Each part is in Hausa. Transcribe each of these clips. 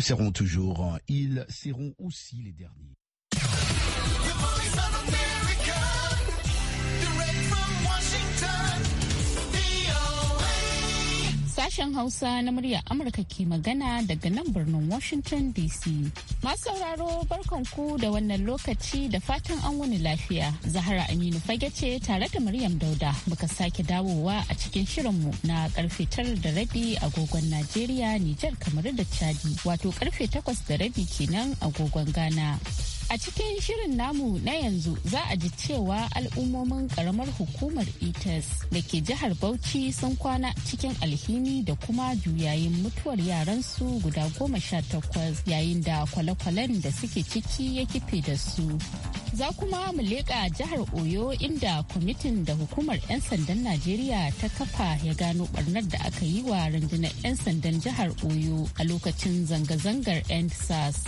seront toujours, ils seront aussi les derniers. Sashen Hausa na murya Amurka ke magana daga nan birnin Washington DC. Masu sauraro barkanku da wannan lokaci da fatan an wani lafiya. Zahara Aminu fage ce tare da Maryam Dauda muka sake dawowa a cikin shirinmu na karfe tara da rabi agogon Najeriya, Nijar, kamar da Chadi, wato karfe takwas da rabi kenan agogon Ghana. A cikin shirin namu na yanzu za a ji cewa al'ummomin karamar hukumar ETS da ke jihar Bauchi sun kwana cikin alhini da kuma juyayin mutuwar yaransu guda goma sha takwas yayin da kwale-kwalen da suke ciki ya kife da su. Za kuma mu leƙa jihar Oyo inda kwamitin da hukumar 'yan sandan Najeriya ta kafa ya gano ɓarnar da aka yi wa rundunar 'yan sandan jihar Oyo a lokacin zanga-zangar 'yan SARS.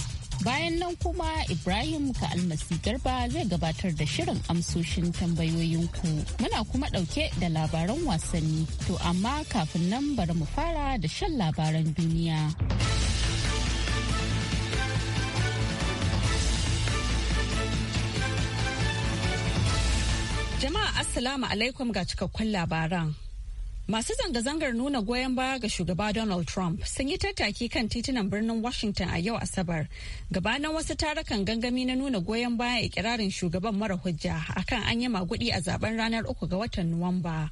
Bayan nan kuma Ibrahim ka almasi garba zai gabatar da shirin amsoshin tambayoyinku. Muna kuma ɗauke da labaran wasanni. To amma kafin nan bari mu fara da shan labaran duniya. Jama'a Assalamu alaikum ga cikakkun labaran. Masu zanga-zangar nuna goyon baya ga shugaba Donald Trump sun yi tattaki kan titunan birnin Washington a yau Asabar. Gabanin wasu tarukan gangami na nuna goyon baya ikirarin shugaban mara hujja akan an yi magudi a zaben ranar uku ga watan Nuwamba.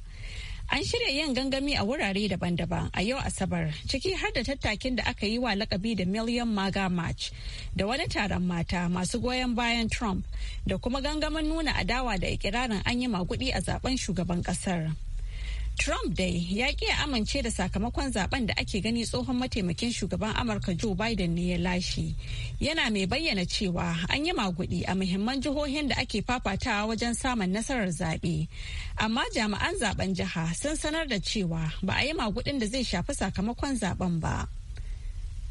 An shirya yin gangami a wurare daban-daban a yau Asabar, ciki har da tattakin da aka yi wa lakabi da Million Maga March da wani taron mata masu goyon bayan Trump da kuma gangamin nuna adawa da ikirarin an yi magudi a zaben shugaban kasar. Trump dai ya ƙi amince da sakamakon zaben da ake gani tsohon mataimakin shugaban Amurka Joe Biden ne ya lashe. Yana mai bayyana cewa an yi maguɗi a muhimman jihohin da ake fafatawa wajen samun nasarar zaɓe. Amma jami'an zaben jiha sun sanar da cewa ba a yi maguɗin da zai shafi sakamakon zaben ba.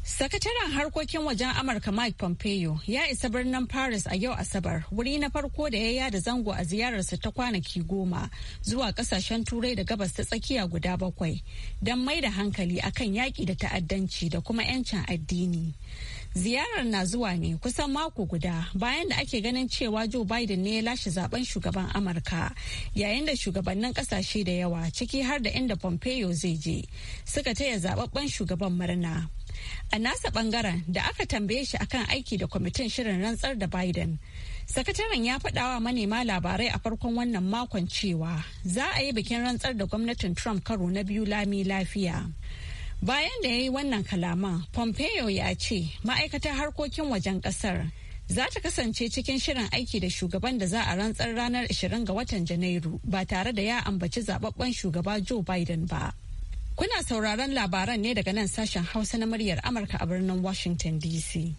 Sakataren harkokin wajen Amurka Mike Pompeo ya isa birnin Paris a yau Asabar wuri na farko da ya yada zango a ziyararsa ta kwanaki goma zuwa kasashen turai da gabas ta tsakiya guda bakwai don mai da hankali akan yaƙi da ta'addanci da kuma 'yancin addini. Ziyarar na zuwa ne kusan mako guda bayan da ake ganin cewa Joe Biden ne ya lashe zaben shugaban Amurka yayin da shugabannin kasashe da yawa ciki har da inda Pompeo zai je suka taya zababben shugaban murna. A nasa bangaren da aka tambaye shi akan aiki da kwamitin shirin rantsar da Biden. Sakataren ya faɗawa manema labarai a farkon wannan makon cewa za a yi bikin rantsar da gwamnatin Trump karo na biyu lami lafiya. Bayan da ya yi wannan kalama, Pompeo ya ce ma'aikatar harkokin wajen ƙasar za ta kasance cikin shirin aiki da shugaban da za a rantsar ranar 20 ga watan Janairu ba tare da ya ambaci zababben shugaba Joe Biden ba. Kuna sauraron labaran ne daga nan sashen Hausa na muryar Amurka a birnin Washington DC.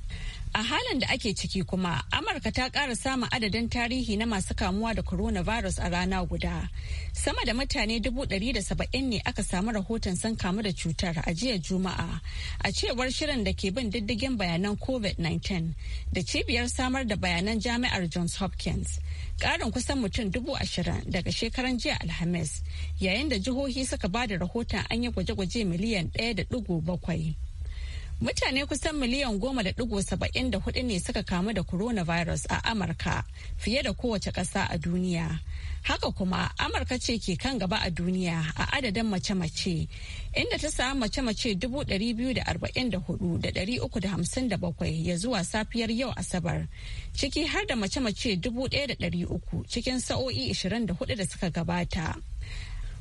A halin da ake ciki kuma, Amurka ta ƙara samun adadin tarihi na masu kamuwa da coronavirus a rana guda. Sama da mutane 170 ne aka samu rahoton sun kamu da cutar a jiya Juma'a. A cewar shirin da ke bin diddigin bayanan COVID-19 da cibiyar samar da bayanan jami'ar Johns Hopkins. Ƙarin kusan mutum dubu ashirin daga shekaran jiya Alhamis, yayin da jihohi suka ba da rahoton an yi gwaje-gwaje miliyan ɗaya da bakwai. Mutane kusan miliyan goma da digo saba'in da hudu ne suka kamu da coronavirus a Amurka fiye da kowace ƙasa a duniya. Haka kuma Amurka ce ke kan gaba a duniya a adadin mace-mace inda ta samu mace-mace dubu ɗari biyu da arba'in da hudu da ɗari uku da hamsin da bakwai ya zuwa safiyar yau Asabar. Ciki har da mace-mace dubu ɗaya da ɗari uku cikin sa'o'i ashirin da hudu da suka gabata.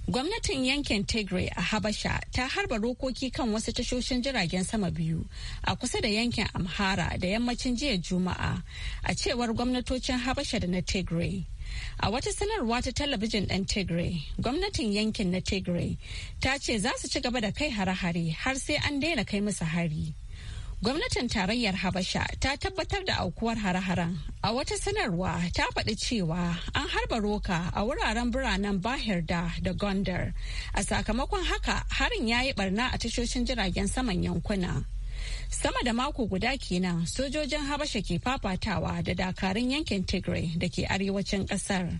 Gwamnatin yankin Tigray a Habasha ta harba rokoki kan wasu tashoshin jiragen sama biyu a kusa da yankin Amhara da yammacin jiya Juma'a a cewar gwamnatocin Habasha da na Tigray. A wata sanarwa ta talabijin ɗan Tigray, gwamnatin yankin na Tigray ta ce za su ci gaba da kai hare-hare har sai an daina kai musu hari. Gwamnatin tarayyar Habasha ta tabbatar da aukuwar hare-haren. A wata sanarwa ta faɗi cewa an harba roka a wuraren biranen Bahirda da Gondar. A sakamakon haka harin ya yi barna a tashoshin jiragen saman yankuna. Sama da mako guda kenan sojojin Habasha ke fafatawa da dakarun yankin Tigray da ke arewacin ƙasar.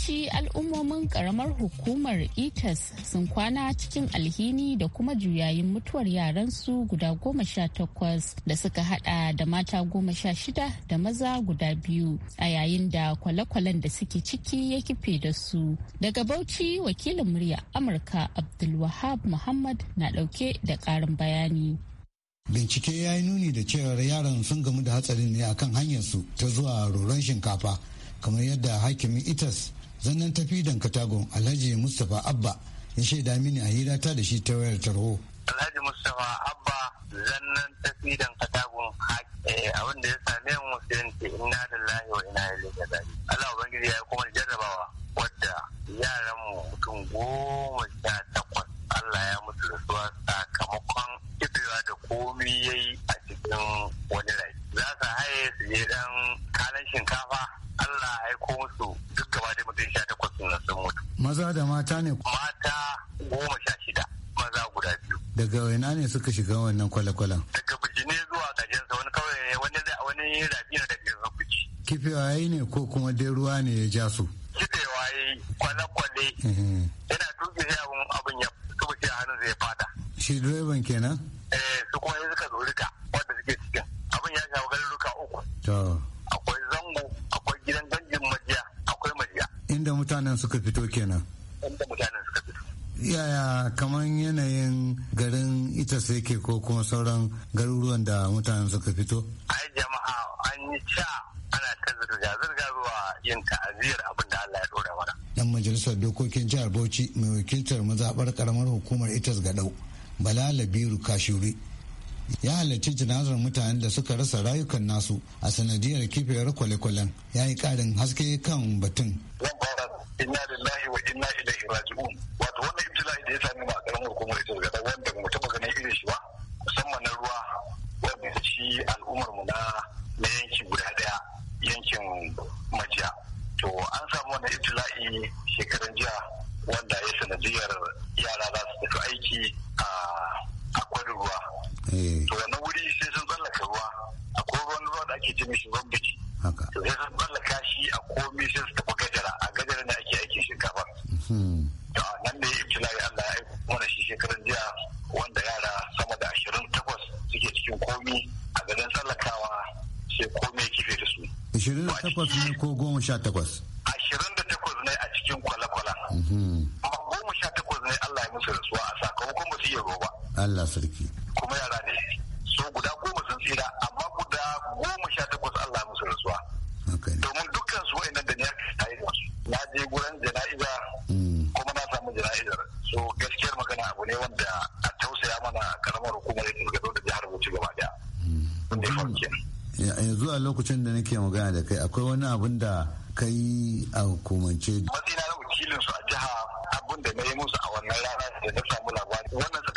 yawanci al'ummomin karamar hukumar itas sun kwana cikin alhini da kuma juyayin mutuwar yaransu guda goma sha takwas da suka hada da mata goma sha shida da maza guda biyu a yayin da kwale-kwalen da suke ciki ya kife da su daga bauchi wakilin murya amurka abdulwahab muhammad na dauke da karin bayani bincike ya yi nuni da cewar yaran sun gamu da hatsarin ne akan hanyarsu ta zuwa roron shinkafa kamar yadda hakimin itas zannan tafi dan katagon alhaji mustapha abba ya shaida mini a hira ta da shi ta wayar tarho alhaji mustapha abba zannan tafi dan katagon eh, abin da ya same mu sai ce inna lillahi wa inna ilaihi raji'un Allah ubangiji ya kuma jarrabawa wadda yaran mu mutum goma sha takwas Allah ya mutu rasuwa sakamakon kifewa da komi yayi a cikin wani rai za su haye su je dan kalan shinkafa Allah ya aiko musu duk ba da mutum sha takwas sun sun mutu. Maza da mata ne? Mata goma sha shida maza guda biyu. Daga waina ne suka shiga wannan kwale-kwalen? Daga biji ne zuwa gajensa wani kawai ne wani wani rafi na daga yanzu biji. Kife waye ne ko kuma dai ruwa ne ya ja su? Kife waye, kwale-kwale. Yana tuki sai abin abin ya tuki sai hannun zai fada. Shi direban kenan? Eh su kuma suka rika. mutanen suka fito kenan yaya kamar yanayin garin ita sai ko kuma sauran garuruwan da mutanen suka fito ai jama'a an yi ca ana ta zirga-zirga zuwa yin ta'aziyar abin da Allah ya dora mana dan majalisar dokokin jihar Bauchi mai wakiltar mazaɓar karamar hukumar itas gadau bala labiru kashuri ya halarci jinazar mutanen da suka rasa rayukan nasu a sanadiyar kifiyar kwale-kwalen ya yi ƙarin haske kan batun. Zan inna lillahi wa inna ilaihi raji'un wato wannan ibtila'i da ya sami mu a hukumar ita daga wanda mu taba ganin irin shi ba musamman na ruwa wanda ya ci al'ummar mu na na yanki guda daya yankin majiya to an samu wannan ibtila'i shekaran jiya wanda ya sanadiyar yara za su tafi aiki a akwai ruwa eh. to na wuri sai sun tsallaka ruwa akwai ruwan ruwa da ake ce mishi ruwan to sai sun tsallaka shi a komi sai takwas ne ko goma sha takwas abin da ka yi a hukumance. Matsina wakilin su a jiha abin da na yi musu a wannan rana da na samu labari. Wannan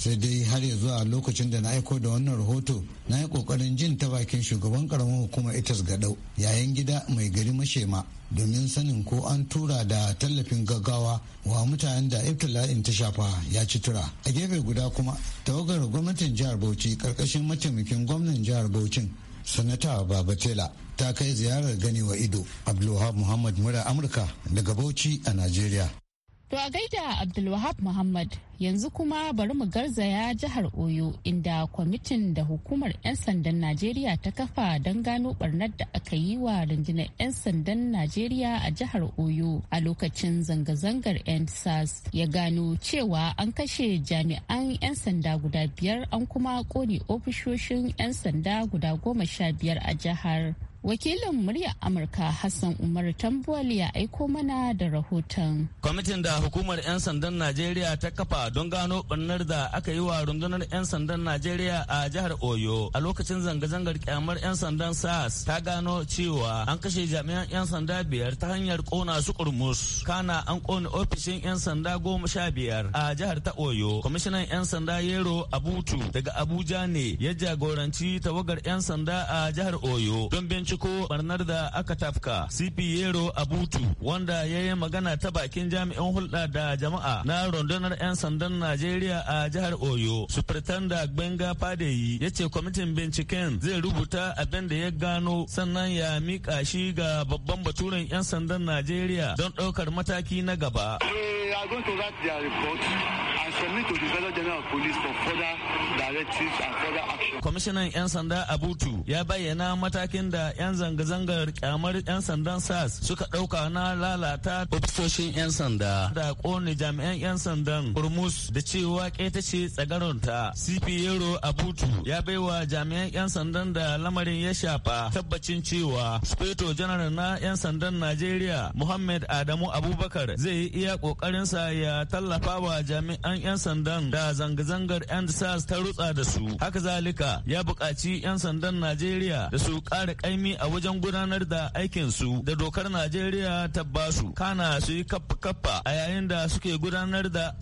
sai dai har ya zuwa lokacin da na aiko da wannan rahoto na yi kokarin jin ta bakin shugaban karamin hukumar itas gadau yayin gida mai gari mashema domin sanin ko an tura da tallafin gaggawa wa mutanen da ibtila'in ta shafa ya ci tura a gefe guda kuma tawagar gwamnatin jihar bauchi karkashin mataimakin gwamnan jihar bauchin sanata babatela ta kai ziyarar gani wa ido abdulwahab muhammad mura amurka daga bauchi a najeriya To a gaida Abdulwahab Muhammad yanzu kuma bari mu garzaya jihar Oyo inda kwamitin da hukumar 'yan sandan Najeriya ta kafa don gano barnar da aka yi wa rundunar 'yan sandan Najeriya a jihar Oyo a lokacin zanga-zangar NSAS ya gano cewa an kashe jami'an 'yan sanda guda biyar an kuma kone ofishoshin 'yan sanda guda goma sha biyar a jihar. wakilin muryar amurka hassan umar Tambuwali ya aiko mana da rahoton kwamitin da hukumar 'yan sandan najeriya ta kafa don gano ɓarnar da aka yi wa rundunar 'yan sandan najeriya a jihar oyo a lokacin zanga-zangar kyamar 'yan sandan sas ta gano cewa an kashe jami'an 'yan sanda biyar ta hanyar kona su kurmus kana an kona ofishin 'yan sanda goma sha biyar a jihar ta oyo kwamishinan 'yan sanda yero abutu daga abuja ne ya jagoranci tawagar 'yan sanda a jihar oyo don bincike binciko barnar da aka tafka cp yero abutu wanda ya yi magana ta bakin jami'in hulɗa da jama'a na rundunar 'yan sandan najeriya a jihar oyo supertanda gbenga fadeyi ya ce kwamitin binciken zai rubuta abin da ya gano sannan ya mika shi ga babban baturen 'yan sandan najeriya don ɗaukar mataki na gaba. Eh, and Kwamishinan 'yan sanda Abutu ya bayyana matakin da 'yan zanga-zangar kyamar 'yan sandan SAS suka ɗauka na lalata ofisoshin 'yan sanda da ƙone jami'an 'yan sandan Hormuz da cewa ƙeta ce ta CP Yero Abutu ya baiwa jami'an 'yan sandan da lamarin ya shafa tabbacin cewa Speto General na 'yan sandan Najeriya Muhammad Adamu Abubakar zai iya ƙoƙarinsa ya tallafa wa jami'an 'yan sandan da zanga-zangar 'yan sas ta rutsa da su. Haka zalika ya buƙaci 'yan sandan Najeriya da su ƙara ƙaimi a wajen gudanar da aikinsu da dokar Najeriya ta basu. Kana su yi kappa a yayin da suke gudanar da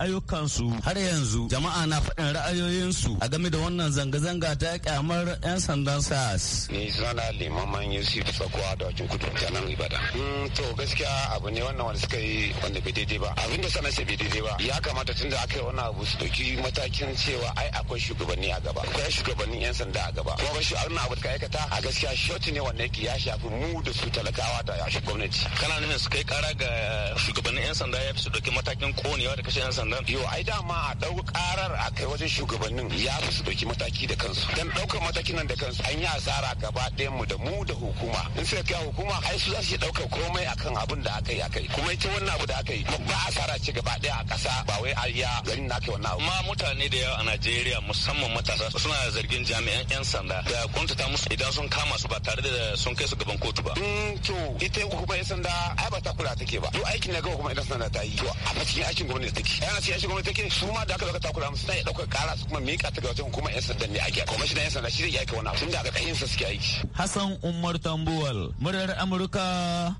su Har yanzu jama'a na faɗin ra'ayoyinsu a game da wannan zanga-zanga ta kyamar 'yan sandan sas. Ni sunana limaman Yusuf sakwa da wajen kudu nan Ibadan. Mm, to gaskiya abu ne wannan wanda suka yi wanda bai daidai ba. Abin da sana sai bai daidai ba. Ya kamata tun da aka kai wani abu su ɗauki matakin cewa ai akwai shugabanni a gaba akwai shugabanni yan sanda a gaba kuma shi arna abu da aikata a gaskiya shoti ne wanda yake ya shafi mu da su talakawa da shi gwamnati kana nufin su kai kara ga shugabannin yan sanda ya fi su ɗauki matakin konewa da kashe yan sanda yo ai dama a ɗau karar a kai wajen shugabannin ya fi su ɗauki mataki da kansu dan ɗaukar matakin nan da kansu an yi asara gaba ɗayan mu da mu da hukuma in sai kai hukuma ai su za su daukar komai akan abin da aka yi akai kuma ita wannan abu da aka yi ba asara ce gaba ɗaya a ƙasa ba wai ya garin na kai wannan abu. Ma mutane da yawa a Najeriya musamman matasa suna zargin jami'an 'yan sanda da kuntata musu idan sun kama su ba tare da sun kai su gaban kotu ba. Mm to ita hukumar 'yan sanda ai ba ta kula take ba. Duk aikin da ga hukumar 'yan sanda ta yi. To a cikin aikin gwamnati take. a cikin aikin gwamnati take su ma da aka zaka kula musu sai dauka kara su kuma mika ta ga wajen hukumar 'yan sanda ne a ake. Kuma shi da 'yan sanda shi zai yi wannan tun da aka sa suke aiki. Hassan Umar Tambuwal, murar Amurka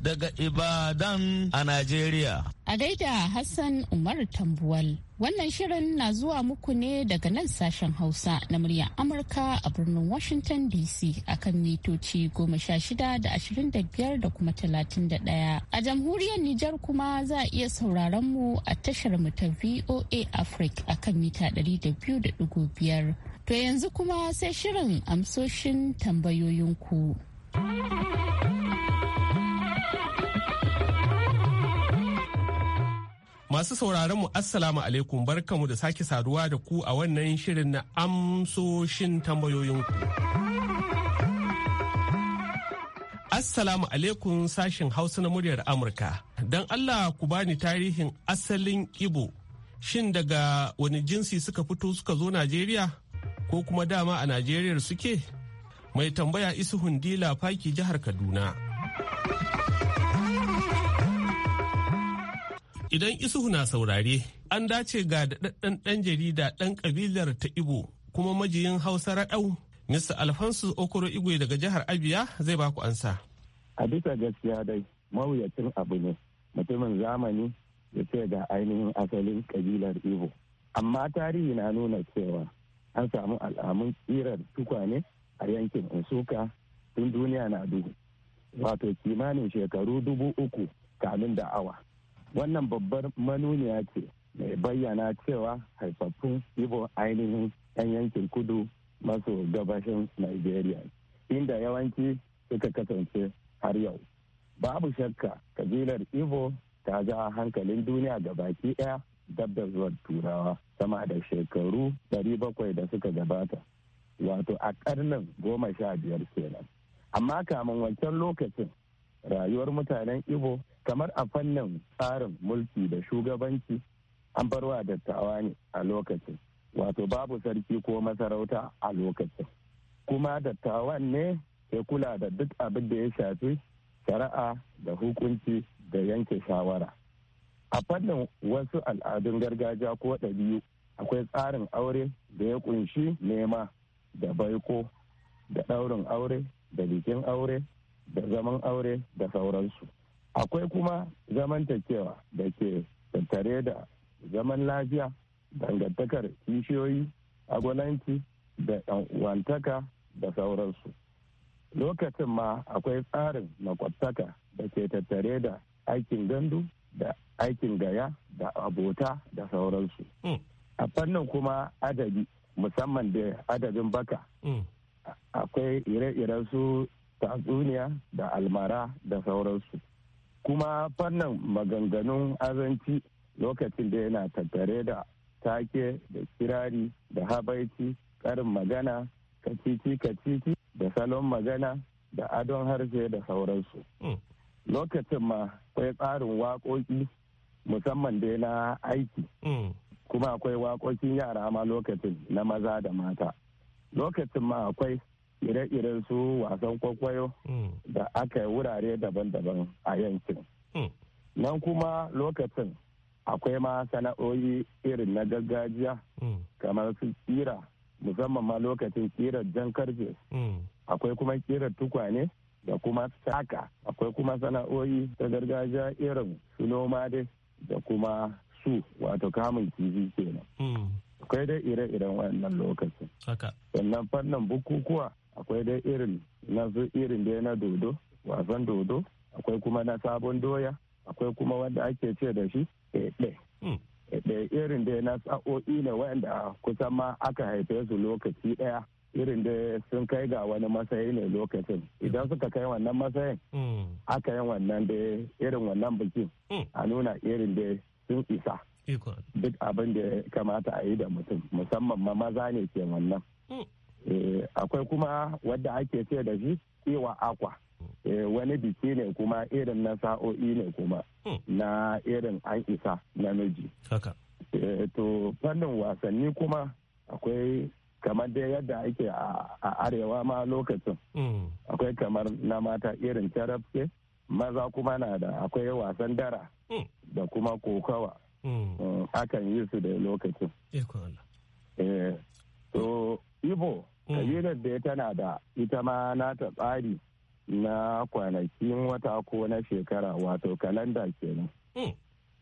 daga Ibadan a Najeriya. A gaida Hassan Umar Tambuwal. Wannan shirin na zuwa muku ne daga nan sashen Hausa na muryar Amurka a birnin Washington DC akan mitoci goma sha shida da ashirin da biyar da kuma talatin da ɗaya. A jamhuriyar Nijar kuma za a iya sauraron mu a tashar mu ta VOA Africa akan mita ɗari da biyu da ɗigo biyar. To yanzu kuma sai shirin amsoshin tambayoyinku. Masu sauraron mu Assalamu alaikum barkamu da sake saduwa da ku a wannan shirin na amsoshin tambayoyinku. Assalamu alaikum sashin Hausa na muryar Amurka. Don Allah ku bani tarihin asalin Ibo. Shin daga wani jinsi suka fito suka zo Najeriya? Ko kuma dama a Najeriya suke? Mai tambaya Isuhun Dila Faki jihar Kaduna. Idan Isuhu na saurare, an dace ga daɗaɗɗen ɗan jarida ɗan ƙabilar ta Ibo kuma majiyin Hausa raɗau. Mr. Alfonso Okoro Igwe daga jihar Abia zai ba ku ansa. A bisa gaskiya dai mawuyacin abu ne mutumin zamani ya ce ga ainihin asalin ƙabilar Ibo. Amma tarihi na nuna cewa an samu al'amun tsirar tukwane a yankin Nsuka tun duniya na duhu. Wato kimanin shekaru dubu uku kamin da awa. wannan babbar manuniya ce mai bayyana cewa haifaffun ibo ainihin 'yan yankin kudu maso gabashin nigeria inda yawanci suka kasance har yau babu shakka kabilar ibo ta a hankalin duniya ga baki daya dab da turawa sama da shekaru 700 da suka gabata wato a karnin goma sha biyar kenan amma kamun wancan lokacin rayuwar mutanen ibo kamar a fannin tsarin mulki da shugabanci an barwa dattawa ne a lokacin wato babu sarki ko masarauta a lokacin kuma dattawan ne ke kula da duk abin da ya shafi shari'a da hukunci da yanke shawara a fannin wasu al'adun gargajiya ko ɗabi'u akwai tsarin aure da ya kunshi nema da baiko da ɗaurin aure da bikin aure da zaman aure da sauransu akwai kuma zamantakewa da ke tattare da zaman lafiya dangantakar kishiyoyi agwalanci da wantaka da sauransu lokacin ma akwai tsarin makwabtaka da ke tattare da aikin gandu da aikin gaya da abota da sauransu hmm. a fannin kuma adabi musamman da adabin baka hmm. akwai ire-iren su tatsuniya da almara da sauransu kuma fannin maganganun azanci lokacin da yana tattare da take da kirari da habaici karin magana kacici kacici da salon magana da adon harshe da sauransu hmm. lokacin ma akwai tsarin waƙoƙi musamman dai na aiki hmm. kuma akwai waƙoƙin yara ma lokacin na maza da mata lokacin ma akwai ire-iren su wasan kwaikwayo hmm. da aka yi wurare daban-daban a yankin. Hmm. Nan kuma lokacin akwai ma sana'o'i irin na gargajiya hmm. kamar su tsira musamman ma lokacin tsirar jan karfe akwai kuma tsirar tukwane da kuma saka akwai kuma sana'o'i ta gargajiya irin su noma da kuma su wato kamun kifi kenan akwai da ire-iren wannan lokacin sannan fannin bukukuwa akwai dai irin na irin dai na dodo wasan dodo akwai kuma na sabon doya akwai kuma wanda ake ce da shi ɗaiɗe ɗaiɗe hmm. irin dai na sa'o'i ne wanda kusan ma aka haife su lokaci ɗaya irin da sun kai ga wani matsayi ne lokacin idan suka kai wannan matsayin hmm. aka yi wannan da irin wannan bikin hmm. a nuna irin da sun isa duk abin da kamata a yi da mutum musamman ma maza ne ke wannan Eh, akwai kuma wadda ake ce da shi kewa akwa eh, wani biki ne kuma irin na sa'o'i ne kuma hmm. na irin an isa namiji eh, to fannin wasanni kuma akwai kamar dai yadda ake a arewa ma lokacin hmm. akwai kamar na mata irin tarafke maza kuma na da akwai wasan dara hmm. da kuma kokawa akan yi su da lokacin to ibo Mm. kabilar da tana da ita ma nata tsari na kwanakin wata ko na shekara wato kalanda kenan mm.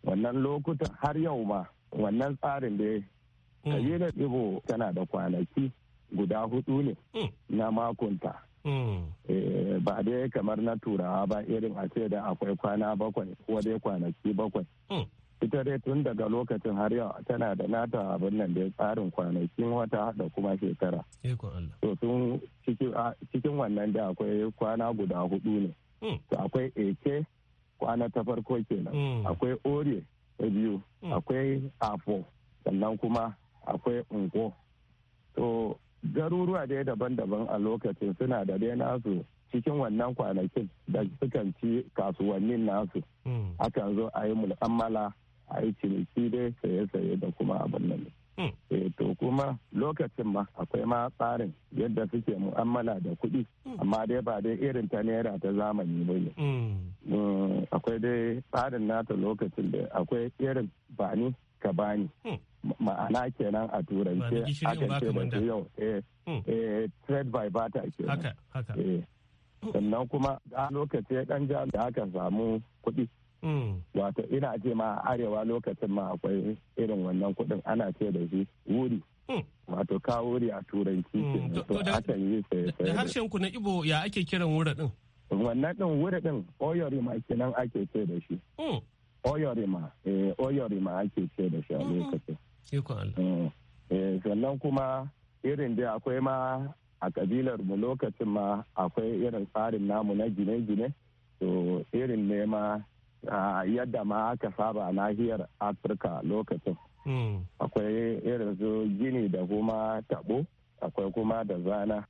wannan lokutan har yau ma wannan tsarin da mm. kabilar ibo tana da kwanaki guda hudu ne na makonta eh, ba dai kamar na turawa ba irin a ce da akwai kwana bakwai ko dai kwanaki bakwai ita dai tun daga lokacin har yau tana da nata abin nan da tsarin kwanakin wata da kuma shekara to tun cikin wannan da akwai kwana guda hudu ne hmm. to akwai eke kwana ta farko kenan hmm. akwai ore ta biyu hmm. akwai afo sannan kuma akwai unko to garuruwa dai daban-daban a lokacin suna da dai nasu cikin wannan kwanakin da sukan ci kasuwannin nasu akan zo a yi mu'amala a yi ciniki dai saye-saye da kuma abin nan hmm. eh to kuma lokacin ma akwai ma tsarin yadda suke mu'amala da kuɗi hmm. amma dai ba dai irin ta naira ta zamani ba ne hmm. akwai dai tsarin nata lokacin da akwai irin bani ka bani ma'ana kenan a turance akan ce da yau eh, eh trade by barter kenan eh. sannan kuma a lokacin ya dan ja da aka samu kuɗi Mm. wato ina ce ma arewa lokacin ma akwai irin wannan kudin ana ce da shi wuri mm. wato wuri a turanci mm. to akan yi da harshen ku na ibo ya ake kiran wura din wannan din wura din oyorima kenan ake ce da shi oyorima eh oyorima ake ce da shi a mm-hmm. lokacin eh, sannan kuma irin da akwai ma a kabilar mu lokacin ma akwai irin tsarin namu na gine-gine to irin ne ma yadda ma aka saba nahiyar afirka lokacin hmm. akwai irin su gini da kuma tabo akwai kuma da zana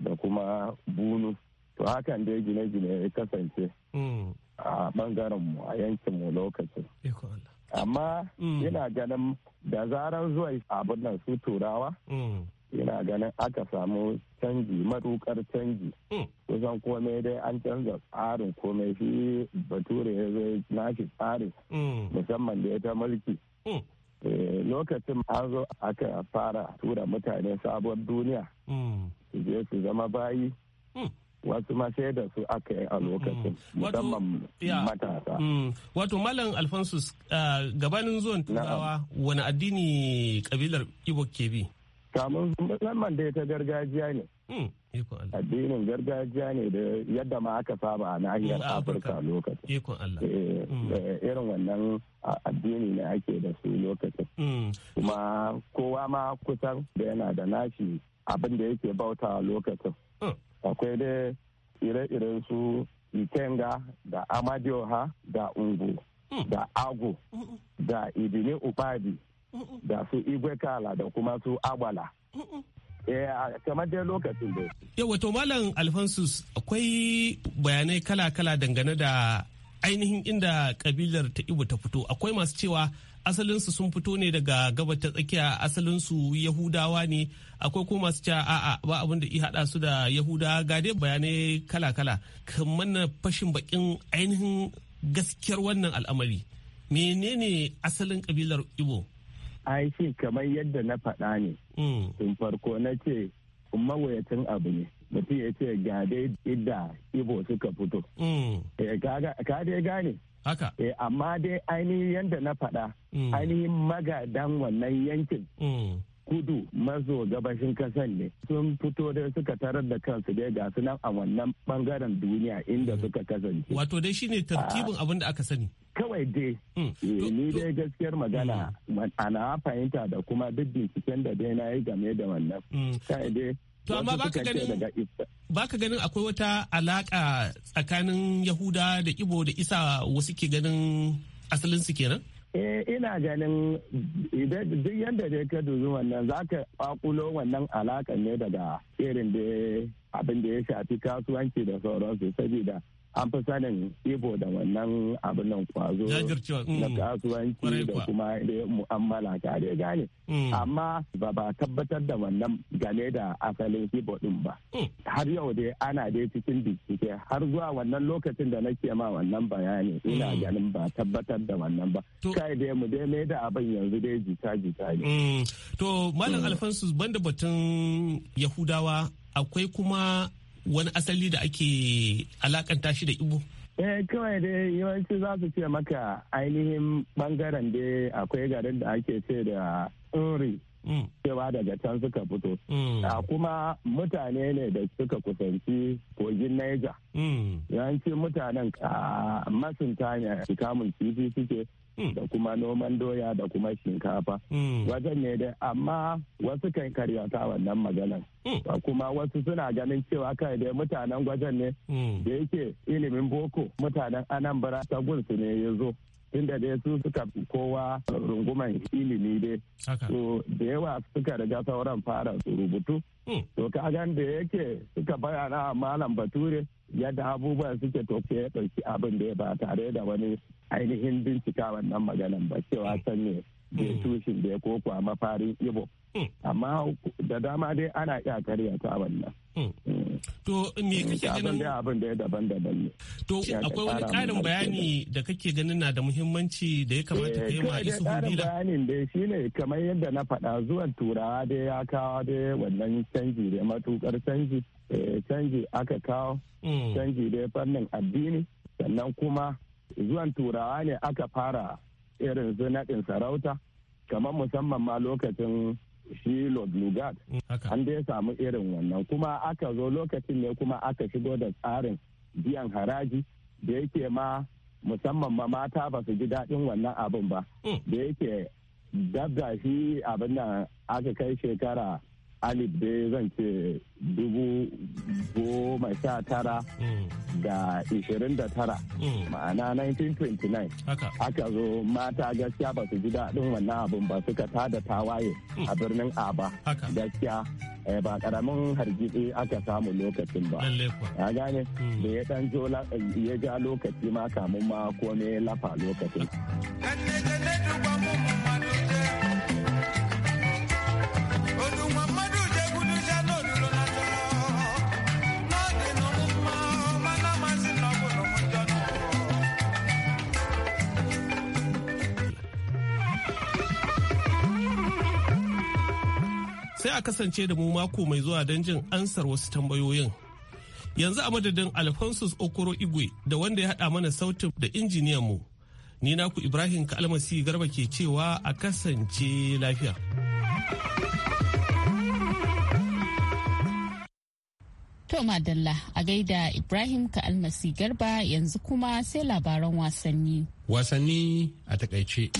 da kuma bunu to hakan dai gine-gine ya kasance hmm. a bangaren mu a yankin mu lokacin amma yana hmm. ganin da zarar zuwa abin nan su turawa yana ganin aka samu canji matukar canji hmm. kusan komai dai an canza tsarin komai shi bature ya zai nashi tsarin hmm. musamman da ta mulki hmm. eh, lokacin an zo aka fara tura mutane sabon duniya su je su zama bayi wasu da su aka yi a lokacin musamman matasa. Wato Malam Alphonsus ah, gabanin zuwan turawa wani addini kabilar ibo ke bi? kamun musamman da ta gargajiya ne hmm, addinin gargajiya ne da yadda ma aka saba a nahiyar afirka lokacin eh, hmm. eh, irin wannan addini ne ake da su lokacin hmm. kuma kowa ma kusan da yana da nashi abin da yake bauta lokacin akwai da ire-iren su itenga da amadioha da ungu da ago da idine upadi da su igwe kala da kuma su agbala eh, kamar dai lokacin da yau wato malam alfansus akwai bayanai kala-kala dangane da ainihin inda kabilar ta ibo ta fito akwai masu cewa asalinsu sun fito ne daga gabar ta tsakiya asalinsu yahudawa ne akwai kuma masu cewa a'a ba abin da su da yahuda ga dai bayanai kala-kala kamar na fashin bakin ainihin gaskiyar wannan al'amari menene asalin kabilar ibo ai shi kamar yadda na faɗa ne hmm. tun farko na ce mawuyacin abu ne mutum ya ce ga dai idda ibo suka fito hmm. eh, ka dai gane haka eh, amma dai ainihin yadda na faɗa hmm. ainihin magadan wannan yankin kudu maso gabashin kasan ne sun fito da suka tarar da kansu dai ga su nan a wannan bangaren duniya inda mhm. suka kasance wato dai shine tartibin ah. abin da aka sani kawai dai hmm. eh, ni dai gaskiyar magana hmm. ana fahimta da kuma duk binciken da dai na yi game da wannan hmm. kai dai To amma baka ganin baka ganin akwai wata alaka tsakanin Yahuda da Ibo da Isa wasu ke ganin asalin su kenan? Eh, ina ganin duk yadda dai ka dubi wannan za ka kwakulo wannan alaƙa ne daga irin da abin da ya shafi kasuwanci da sauransu saboda an fi sanin ibo da wannan abin nan kwazo mm, na kasuwanci da kuma mu'amala tare gane mm. amma ba ba tabbatar da wannan game da asalin ibo din ba mm. har yau dai ana da cikin bincike har zuwa wannan lokacin da nake ma wannan bayani ina ganin ba tabbatar da wannan ba kai dai mu dai mai da abin yanzu dai jita jita ne to malam alfansus banda batun yahudawa akwai kuma wani asali da ake alakanta shi da Igbo? Eh kawai dai yawanci za su ce maka ainihin bangaren dai akwai garin da ake ce da Uri Mm. cewa daga can suka fito mm. kuma mutane ne da suka kusanci kogin Niger mm. yawanci mutanen ah, masunta ne kamun kifi suke da kuma noman doya da kuma shinkafa wajen ne dai amma wasu kan karyata wannan maganan kuma wasu suna ganin cewa kai dai mutanen gwajen ne da yake ilimin boko mutanen anambra ta gunsu ne ya zo inda dai su suka kowa runguman ilimi dai so da yawa suka riga sauran fara rubutu hmm. to kagan da yake suka bayana malam bature yadda abubuwan suke to ya ɗauki abin da ya ba tare da wani ainihin bincika wannan maganan ba cewa hmm. san ne da ya tushin da ya koko a mafarin ibo hmm. amma da dama dai ana iya karya ta wannan hmm. Hmm. to me kake ganin da abin da ya daban-daban ne to akwai wani karin bayani da kake ganin na da muhimmanci da ya kamata eh, ka yi ma isu hudila bayanin dai shine kamar yadda na faɗa zuwan turawa dai ya kawo dai wannan canji da matukar canji eh, canji aka kawo canji dai fannin addini sannan kuma zuwan turawa ne aka fara irin su naɗin sarauta kamar musamman ma lokacin shi lord lugard mm, an dai samu irin wannan kuma aka zo lokacin ne kuma aka shigo da tsarin biyan haraji da yake ma musamman ma mata ba su ji daɗin wannan abin ba mm. da yake dabda shi abin nan aka kai shekara alif dai zan ce dubu goma sha tara mm. da ishirin da tara mm. ma'ana 1929 aka zo mata gaskiya ba su ji daɗin wannan abin ba suka tada tawaye mm. a birnin aba gaskiya eh, ba karamin hargitsi aka samu lokacin ba. Ya gane da ya dan ya ja lokaci ma kamun ma kome lafa lokacin. a kasance da mu mako mai zuwa don jin ansar wasu tambayoyin. Yanzu a madadin Alphonsus Okoro Igwe da wanda ya haɗa mana sautin da injiniyan mu. Ni naku Ibrahim Kalmasi Garba ke cewa a kasance lafiya. To Madalla a gaida Ibrahim Ka'almasi Garba yanzu kuma sai labaran wasanni. Wasanni a takaice.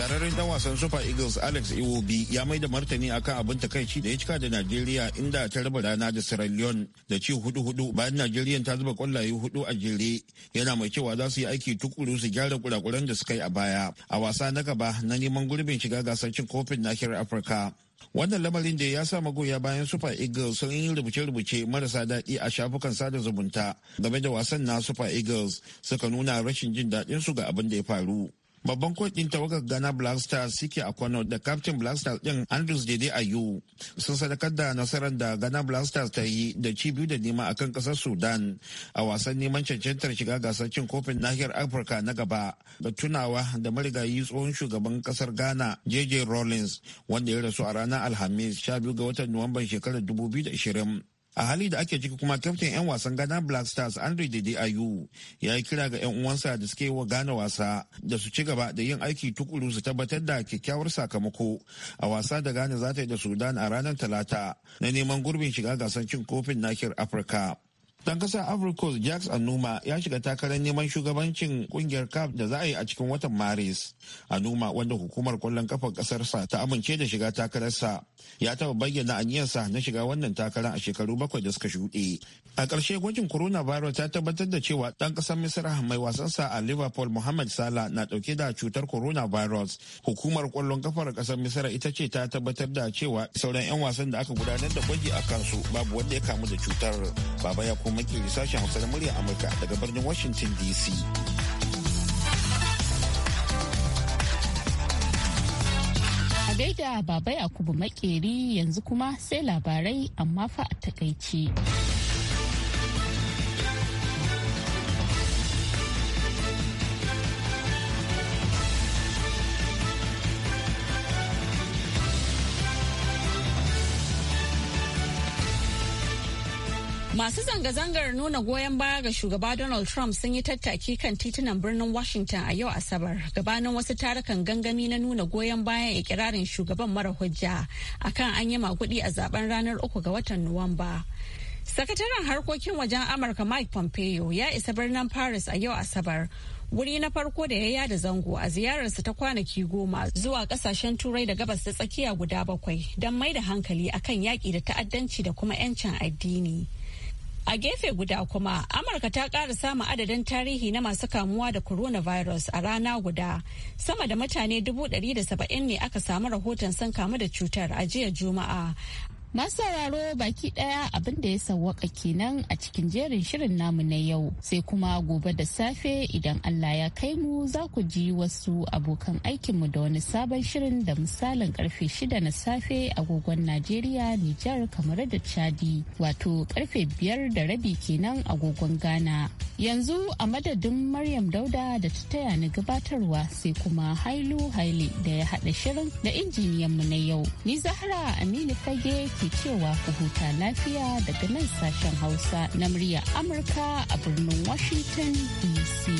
shararren dan wasan super eagles alex iwobi ya mai da martani akan abin takaici da ya cika da najeriya inda ta raba rana da sierra leone da ci hudu hudu bayan najeriya ta zuba kwallaye hudu a jere yana mai cewa za su yi aiki tukuru su gyara kurakuran da suka yi a baya a wasa na gaba na neman gurbin shiga gasar cin kofin nahiyar afirka wannan lamarin da ya sa magoya bayan super eagles sun yi rubuce-rubuce marasa daɗi a shafukan sada zumunta game da wasan na super eagles suka nuna rashin jin daɗinsu ga abin da ya faru babban kotun tawagar ghana black stars suke a kwano da captain black stars din andrews dede ayu sun sadakar da nasarar da ghana black stars ta yi da ci biyu da nema a kan kasar sudan a wasan neman cancantar shiga gasar cin kofin nahiyar afirka na gaba da tunawa da marigayi tsohon shugaban kasar ghana jj rollins wanda ya rasu a ranar alhamis 12 ga watan nuwamban shekarar 2020 a hali da ake ciki kuma kyaftin 'yan wasan gana black stars andre dede ayu ya yi kira ga 'yan uwansa da suke wa gane wasa da su ci gaba da yin aiki tukuru su tabbatar da kyakkyawar sakamako a wasa da ghana za ta yi da sudan a ranar talata na neman gurbin shiga gasar cin kofin nahiyar afirka Dan kasar Africa Jacques Anuma ya shiga takarar neman shugabancin kungiyar CAF da za a yi a cikin watan Maris. Anuma wanda hukumar kwallon kafar kasarsa ta amince da shiga takararsa ya taɓa bayyana aniyarsa na shiga wannan takarar a shekaru bakwai da suka shuɗe. A ƙarshe gwajin coronavirus ta tabbatar da cewa ɗan ƙasar Misra mai wasansa a Liverpool mohammed Salah na ɗauke da cutar coronavirus. Hukumar kwallon kafar ƙasar Misra ita ce ta tabbatar da cewa sauran 'yan wasan da aka gudanar da gwaji a kansu babu wanda ya kamu da cutar. Baba ya Yakub Makeri sashen Hausa na murya Amurka daga birnin Washington DC. A gaida Baba Yakubu Makeri yanzu kuma sai labarai amma fa a takaice. Masu zanga-zangar nuna goyon baya ga shugaba Donald Trump sun yi tattaki kan titunan birnin Washington a yau Asabar gabanin wasu tarukan gangami na nuna goyon bayan ikirarin shugaban mara hujja akan an yi makudi a zaben ranar uku ga watan Nuwamba. Sakataren harkokin wajen Amurka Mike Pompeo ya isa birnin Paris a yau Asabar. Wuri na farko da ya yada zango a ziyararsa ta kwanaki goma zuwa kasashen turai da gabas ta tsakiya guda bakwai don mai da hankali akan yaƙi da ta'addanci da kuma 'yancin addini. A gefe guda kuma, Amurka ta ƙara samun adadin tarihi na masu kamuwa da coronavirus a rana guda. Sama da mutane 170 ne aka samu rahoton sun kamu da cutar a jiya Juma'a. Masu sauraro baki daya abin da ya sawwaka kenan a cikin jerin shirin namu na yau sai kuma gobe da safe idan Allah ya kai mu za ku ji wasu abokan aikinmu da wani sabon shirin da misalin karfe shida na safe agogon Najeriya, Nijar, kamar da Chadi wato karfe biyar da rabi kenan agogon Ghana. Yanzu a madadin Maryam Dauda da ta taya ni gabatarwa sai kuma Hailu Haile da ya haɗa shirin da injiniyanmu na yau. Ni Zahra Aminu Fage ke cewa ku huta lafiya daga nan sashen Hausa na murya Amurka a birnin Washington DC.